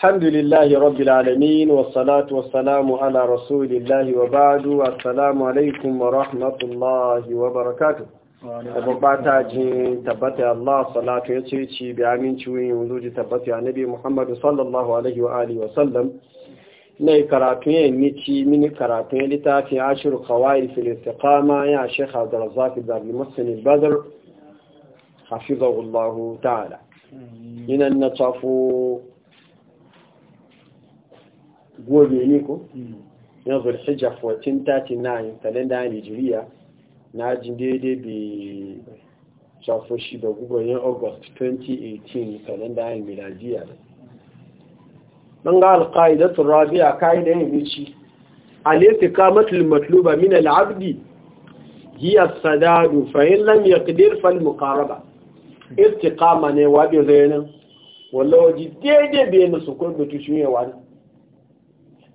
الحمد لله رب العالمين والصلاة والسلام على رسول الله وبعد السلام عليكم ورحمة الله وبركاته tabbata jin tabbata Allah salatu ya ce ci bi aminci yanzu ji tabbata a nabi Muhammadu sallallahu alaihi wa alihi wa sallam ne karatu ya mici mini karatu ya littafin ashir kawai fil istiqama ya da Abdurrazzaq Ibn Muslim Badr hafizahullahu ta'ala ina na tafo gobe ne ko hmm. yan zulhijja 1439 kalenda nigeria na ji daidai bi shafo shi da gugoyin august 2018 kalenda yin miladiya ɗan ga alƙa'idatun rabia ka'idan yin wuce alaifi kamatul matluba min al'abdi sadadu هي السداد فإن لم يقدر فالمقاربة استقامة نواب daidai والله جديد بين سكون بتشوية وانا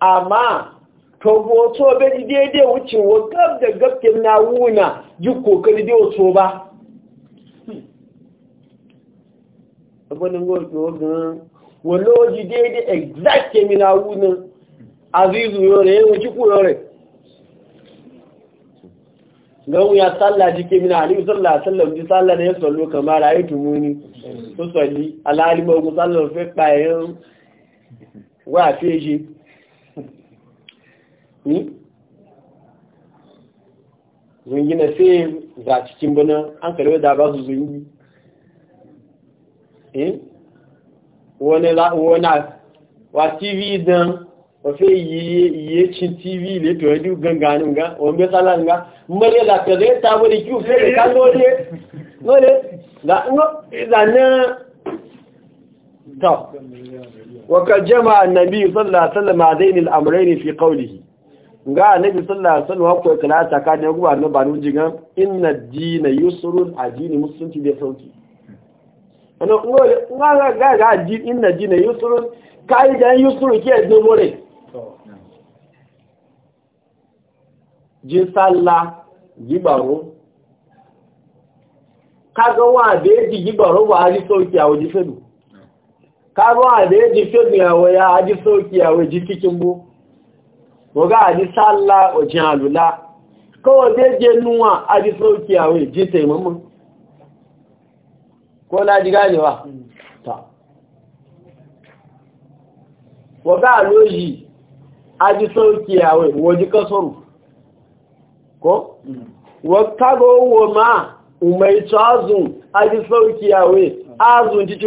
amma to goto ji daidai wucewa gab da gabkin na wuna yi kokari da wato ba hmm. abinin goto wajen wani daidai exact kemi na wunan azizu yore yin wuci yore gan ya tsalla jike mina halittu tsalla tsallan ji tsalla na ya tsallo kamar a yi tumuni su tsalli alhalin mawagun tsallan fi ƙayayen wa feji ni hmm? zungi na sai za a cikin bana an karbe da ba su zungi hmm? wani la'uwana wa tv dan wafe iye cin tv le to yi ganganin ga wani betsala nga mmele la pere ta wani kiwu fere ka lole lole zanen ta wakar jama'a annabi sallallahu alaihi wasallam al'amurai ne fi qawlihi ga annabi sallallahu alaihi wasallam ko kala ta ka ne gubar no banu jigan inna dina yusrun ajini musulunci da sauki ana ngole ngala ga ga ajin inna dina yusrun kai da yusrun ke do more jin salla gibaro kaga wa da yaji gibaro ba ari sauki a waje fedu kaga wa da yaji fedu ya waya aji sauki a waje cikin bu wọ́gá àdísá ńlá ọ̀jìn àlùlá kọ́wọ́ déédé núwà àdísá òkè àwọn ìjíta ìmọ́mọ́ kó láti gáàlì tà wọ́gá àlóyìí àdísá òkè àwọn ìwọ́jíkọ́ sọ́rọ̀ kọ́ wọ́kágọ́ owó máa umar ito azùn àdísá òkè àwọn azùn títí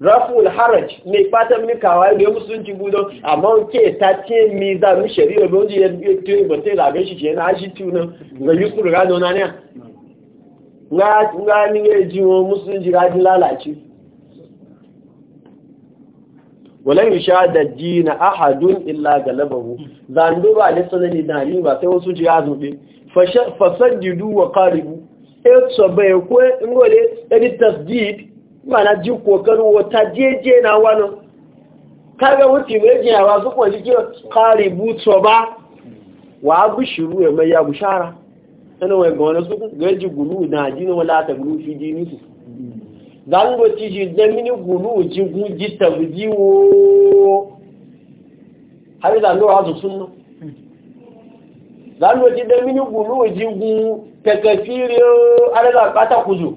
raful haraj mai fatan mi kawai da musulunci budon amma ke ta ce mi za mu shari'a ba wani yadda ta yi ba sai labe shi ke na shi tuna ga yi kuru gano na ne nga ni ya ji wa musulunci rajin lalace walan yi sha da ji na ahadun illa ga labaru zando ba da sanani da ni ba sai wasu ji ya zobe fasar jidu wa karibu ya e, tsobe ko ngole ya e tasdid mana ji kokarin wata jeje na wani kaga wuce mai jiyawa su kwanci kira kare buto ba wa abu shiru ya mai ya bushara sanin wai ga wani su gaji gulu na jini wala ta gulu fi jini su zango ci ji dan mini gulu ji guji ta guji wo har da ndo azu sunna zango ci dan mini gulu ji gu takafiriyo ala da kata kuzu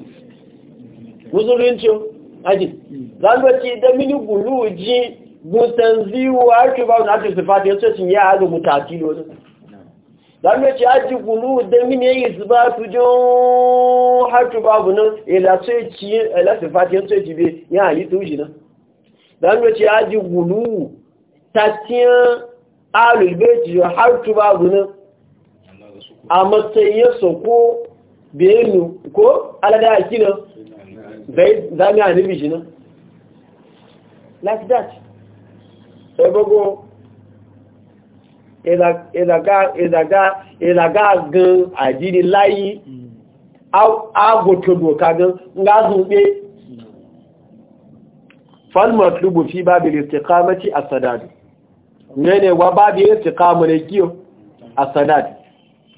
musuluncin hadis zan bace da mini guluji mutanziwa ake ba wani ake sifati yace cin ya hazo mutati ne zan bace aji gulu da mini yayi sifatu jo hatu babu nan ila sai ci ila sifati yace ci be ya yi tuji nan zan bace aji gulu tatiyan alul baiti jo hatu babu nan a matsayin soko benu ko alada akinan bai zami a nirbi shi nan like that sai bago ìlàgá gan àjírí láyé agbòtòdò kagan ngázùn pé falmar lubu fi babi istiqamati a sadadu ne ne wa babi istiqamar kiyo a sadadu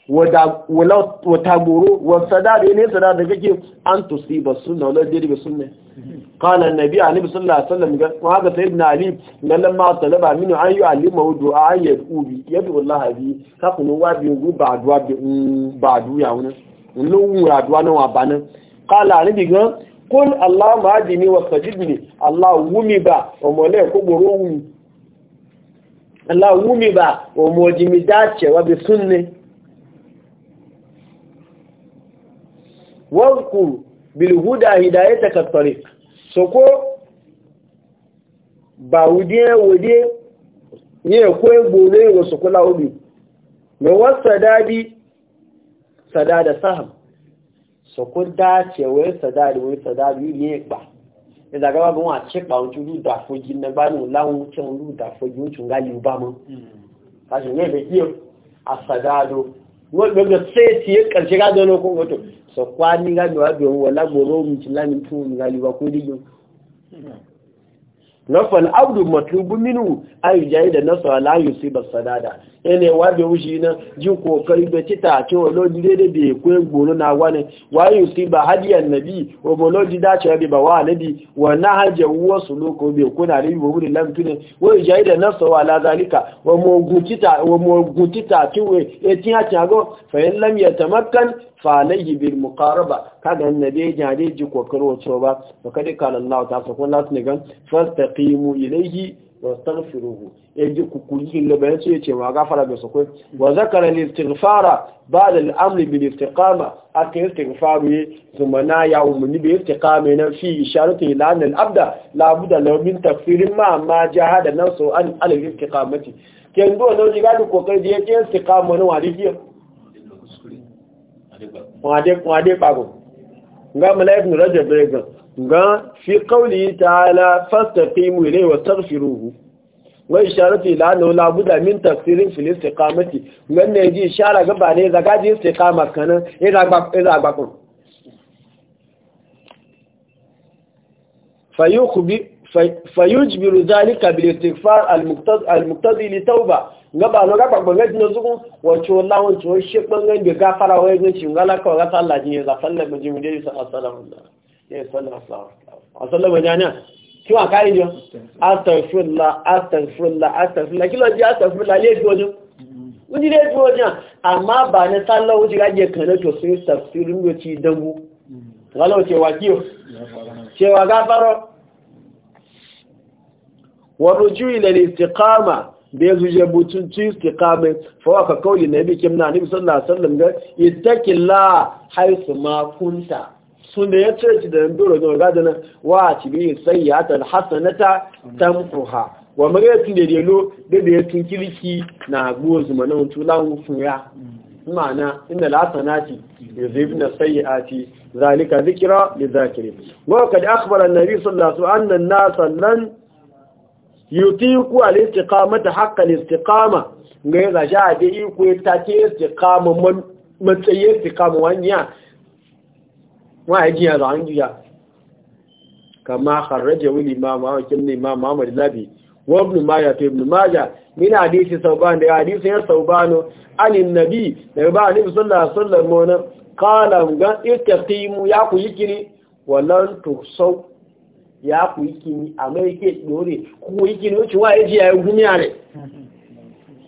wa tagoro wa sada da yanayi sada da kake an tusi ba suna wadda jiri ba suna kala na biya a nufi suna sallam ga kuma haka sayi na ali lallan ma wata laba an yi alimma wudu a hanyar ubi ya bi wallah haji kafin nuwa biyu gu ba aduwa ba aduwa wani nuwa aduwa na wabana kala a nufi ga kun allah ma haji ne wa sajid ne wumi ba wa mole kogoro wumi Allah wumi ba wa mojimi dacewa bi sunne wanku bilhuda hidayata katolik Soko ko ba wudiye wudiye ne ko gbole wasu kula obi me wasa dadi sadada saham so dace wai sadadi wai sadadi ne pa ìdàgbà bá bí wọ́n àtípa ojú lúdà da nẹbánù láwọn tí wọ́n lúdà fojí ojú ńgá lè bá mọ́. kàṣì ní ẹ̀bẹ̀ yíò àṣàdáadó wọ́n gbẹ̀gbẹ̀ sí ètì ẹ̀kàṣẹ́gádọ́ lókún wọ́tò sakwani ga da wajen wala goro mun ci lamin tu ga liwa ko digin nafal abdu matlubu minu ay jayi da nasa la yusiba sadada ene wabe wushi na jin kokari da cita ce wa lodi dede be ko gboro na wani wa yusiba hadiyan nabi wa bolodi da ce ba wa nabi wa na haje wasu loko be kuna ribi wa wurin lamtu ne wa jayi da nasa wa la zalika wa mo gutita wa mo gutita tiwe e tin ha tago fa in lam yatamakkan falayi bil muqaraba kada annabi ya jare ji kokaro to ba to kada kana Allah ta so kun lati ne gan fastaqimu ilayhi wastaghfiruhu yaji ku kulli le bayan sai ce wa gafara ga sokoi wa zakara al istighfara ba'da al amri bil istiqama akai istighfaru ye kuma na ya ni bi istiqama na fi isharatu ila an al abda la budda la min takfirin ma ma jahada nafsu an al istiqamati kendo lo jiga du kokari je istiqama no wali wade kpago ga mala ibn rajab regan ga fi qawli ta'ala fastaqimu ilayhi wastaghfiruhu wa isharatu ila annahu la buda min tafsirin fil istiqamati nan ne ji ishara ga bane zaga ji istiqama kana ina e gba ina e gba ko fayukhbi fayujbiru zalika bil istighfar al muqtadi al muqtadi li tauba ngaba no gaba ba ngati no zugun wacho lawon to she bangan da gafara ka ga Allah ji ya zafalla mu ji mu dai sa assalamu ya sallallahu assalamu jana ki wa kai jo astaghfirullah astaghfirullah astaghfirullah kilo ji astaghfirullah le jojo mm-hmm. wani le jojo amma ba ne sallahu ji kana to sai tafsirin ورجوع الى da بيزجبوت الاستقامه فوق قول النبي كما النبي صلى الله عليه وسلم يتق الله حيث ما كنت sun da ya ce ci da ɗoro zuwa gajina wa a cibin sayyata da hasanata tamfuha wa maraitun da delo da da ya tun kirki na agbo zumanin tulawun funya ma'ana inda lasanati da zai na sayyati zalika zikira da zakirin. gwakwa da akwara na risun da su annan nasan nan yutiku al-istiqamata haqqal istiqama ga ya zaje a dai ta ke istiqama man matsayi istiqama wanya wa yaji ya zan jiya kama kharaja wal imam wa kim imam Muhammad Labi wa ibn Majah to ibn Majah min hadisi sauban da hadisi ya saubano anin nabi da ba ni sallallahu alaihi wasallam qala ga ya ku walan tusau ya ku ikini amma yake dore ku kini wuce wa yaji ya yi duniya ne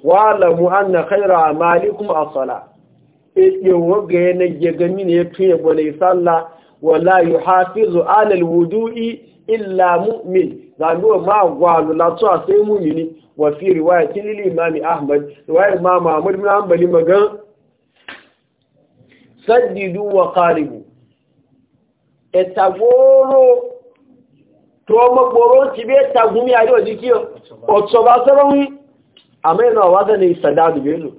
wa lamu anna khaira a a sala ite woga yana yaga mini ya tuye bane sallah wala yuhafizu ala al-wudu'i illa mu'min zanu ma gwalu latu a sai mu'mini wa fi riwaya lil imam ahmad riwayat ma ahmad bin hanbali magan saddidu wa qaribu e, tó ọmọ gbòòrò ti bí ẹta gúnmí ayé òjí kí ọ̀tọ̀bá sọ́rọ̀ wí àmẹ́nà wádẹ́ ni ìsàdádù bèèlò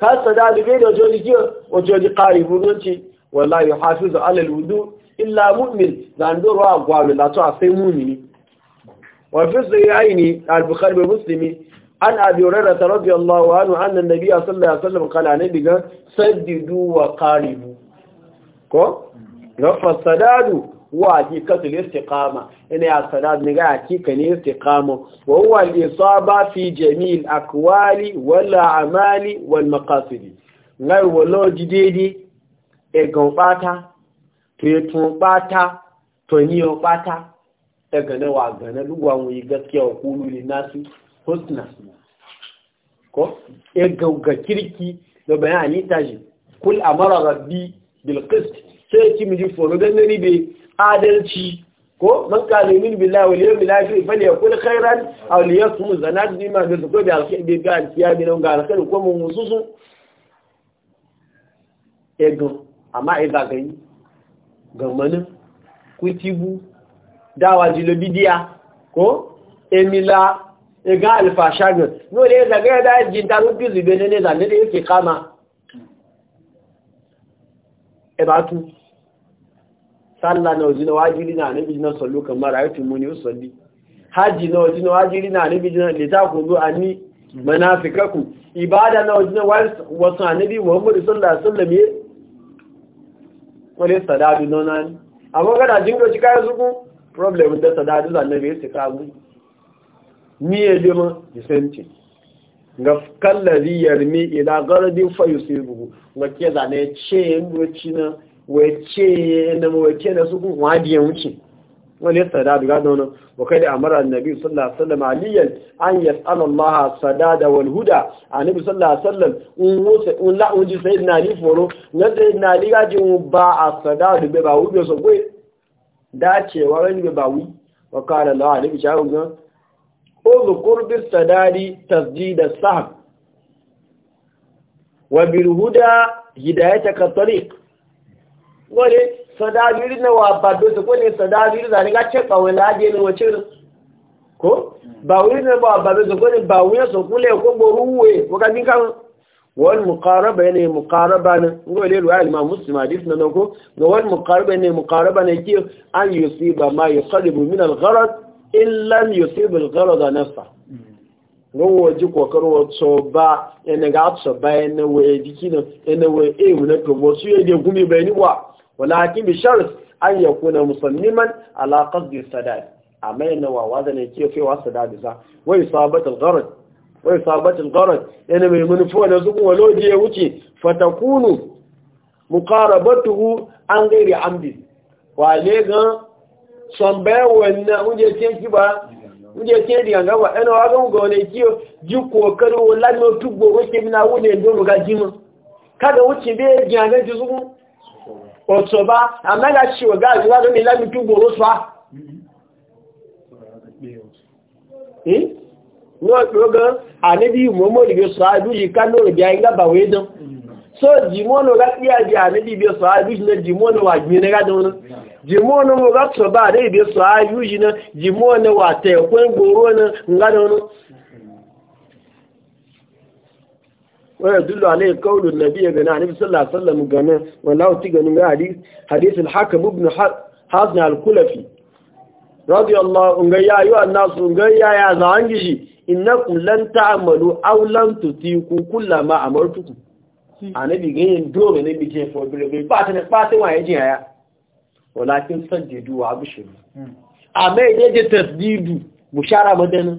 ká ìsàdádù bèèlò ojú ojú kí ojú ojú káàrí ìbúrú ti ni musulmi an abi da tàrọ́bì allahu anu an nan diga saddidu ko rafa sadadu wa hakikatul istiqama ina ya salat ni ga hakika ne istiqama wa huwa al-isaba fi jami'il aqwali wal a'mali wal maqasidi ngai wolo jidedi e gan pata to e tun pata to ni o pata e gane wa gane lugwa mu yi gaskiya wa kulu li nasu husna ko e ga ga kirki da bayani taji kul amara rabbi bil qist sai ki miji foro dan nani be adalci ko man kana min billahi wal yawmil akhir yakul khairan aw liyasum zanad bima da bi alkhair bi ga alkiya bi nan ga alkhair ko mun mususu ego amma iza ba gani gamanin kutibu dawa jilo bidia ko emila ega alfasha gan ni o le ga da jin da rubi zibe ne ne da ne ke kama e ba tu sallah na wajina wajiri na nabi na sallu kamar ayatu muni usalli haji na wajina wajiri na nabi na ta ku zo anni manafikaku ibada na wajina wasu anabi muhammadu sallallahu alaihi wasallam ye wale sadadu na nan amma kada jingo ci kayan suku problem da sadadu da annabi su mu ni ya lima disanci ga kallazi yarmi ila garadin fa yusibu ga ke zane ce yin goci wace na mawace na su kuma wadiyan wuce wani ya sada da wani wakai da amara annabi sallallahu alaihi wasallam aliyan an yas'ala Allah sadada wal huda annabi sallallahu alaihi wasallam un wuce un la un ji sayyidina ali sai na sayyidina ali gaji un ba a sadada be ba wu wube so kwe dacewa wani bai ba wi wa kana la ali bi shawo ga uzkur bis sadadi tasdid as-sahb wa bil huda hidayataka tariq wale sadabiri na wa bado su kone sadabiri zane ga ce wani laje ne wace ne ko ba wuri na ba bado su kone ba wuya su kule ko goruwe wakadin kan wal muqaraba ne mukaraba ne wale ruwa al-imam muslim hadith na ko ga wal muqaraba ne mukaraba ne ke an ba ma yuqaribu min al-gharad illa yusiba al-gharad nafsa gowo ji kokaro wato ba ene ga atso ba yana wa dikino ene we e wona e to bo su ye de gumi bayni wa walakin bi sharz an yakuna musamman ala qasdi sadad amma yana wa wazan yake kaiwa sadad za wa isabatu al-gharad wa isabatu al-gharad yana mai munfo da zuwa walodi ya wuce fatakunu muqarabatuhu an gairi amdi wa ne ga son bayan wannan uje ce ki ba uje ce diga ga Yana wajen wa gan gone kiyo ji kokarin wallahi no tugbo roke mina wune ndo ga jima kada wuce be gyanan ji zuwa ọ̀tọ̀ bá àmẹ́gà ṣe ọ̀gá ìjọba lórí lẹ́mí tó gbòrò sọ́á rọ́gbọ́n àníbí ìmọ̀mọ̀ ìgbé sọ́á ìbújì kánú rẹ̀ bí i gábàwé dán so jimono ga iya ji àníbí ìbí sọ́á ìbújì na jimono wà gbìnrin gádùn náà mo ga na jimono na wa yadullu alayhi qawlu an-nabiy ga nabi sallallahu alaihi wasallam gane wallahu tigani ga hadith hadith al-hakim ibn hazn yi wa nasu, unga ya ayu an-nas unga ya ya zangi shi innakum lan ta'malu aw lam tutiku kullama amartukum anabi ganyen dole ne bije fo bire ba ta ne ba ta waye jin aya walakin sajjidu wa abshiru amma yaje tasdidu bushara madana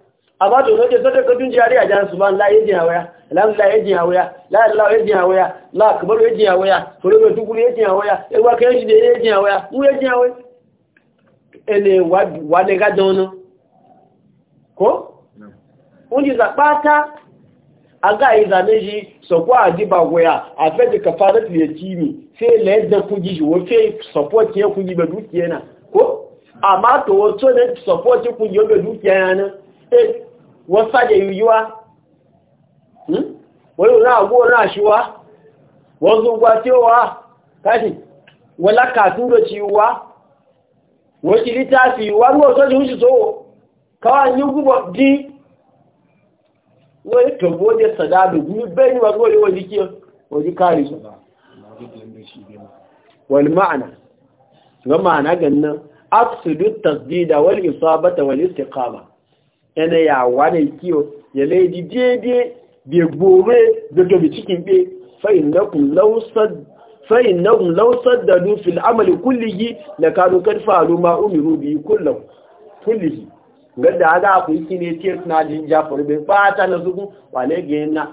amma to zai zata ko jari a ajan subhan la yajin hawaya alhamdulillah yajin hawaya la allah yajin hawaya la akbar yajin hawaya fure mai tukuru yajin hawaya ewa kai shi da yajin hawaya mu yajin hawaya ele wa ne ga dono ko unji zapata aga iza meji sokwa adiba goya afeji kafara tiye kimi sai le da kuji ji wo fe support ye kuji be dukiya na ko amma to wo to ne support kuji be dukiya na eh wọ́n sáàjẹ̀ yìí wá hmm? wọ́n yóò náà gbóò náà ṣí wá wọ́n tí ó wá káàkì wọ́n lákàtún ló ti wá wọ́n ti rí táàfì wá ní ọ̀tọ́ ti húṣù tó káwà ní gúbọ̀ dí wọ́n tó bó jẹ́ sàdáàbì ní ni wọ́n wọ́n ma'ana tasdida wal ẹnẹ ya wà ní ya o di ìdí bai bí daga bi cikin ɓe fa'in na kun lausar da nufin amali kullihi na kanu kan faru ma umiru biyu kullum kullihi gada aga ku yi ne ce suna jin jafar bai fata na zuku wale na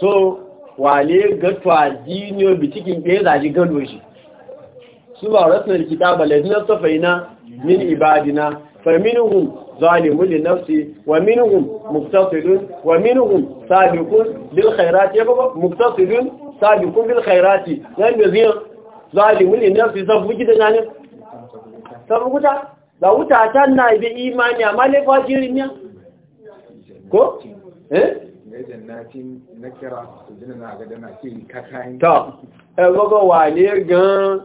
so wale ga twaji ne bi cikin ɓe zaji su ba min ibadina faminuhum zalimun li nafsi wa minhum muqtasidun wa minhum sabiqun lil khairati yabqa muqtasidun sabiqun bil khairati yan yazi zalimun li nafsi zabuki da nan sabuka da wuta tan na ibe imani amma ne fa jirin ya ko eh ne jannatin kai to eh gan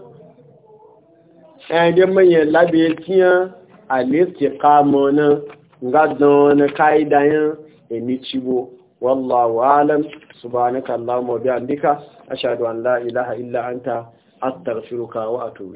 ɗayan manyan labe tiyan a liste kamo nan ga don ka'idayen emichibo wallahu alam subhanaka allahumma wa bihamdika ashhadu an la ilaha illa anta astaghfiruka wa atubu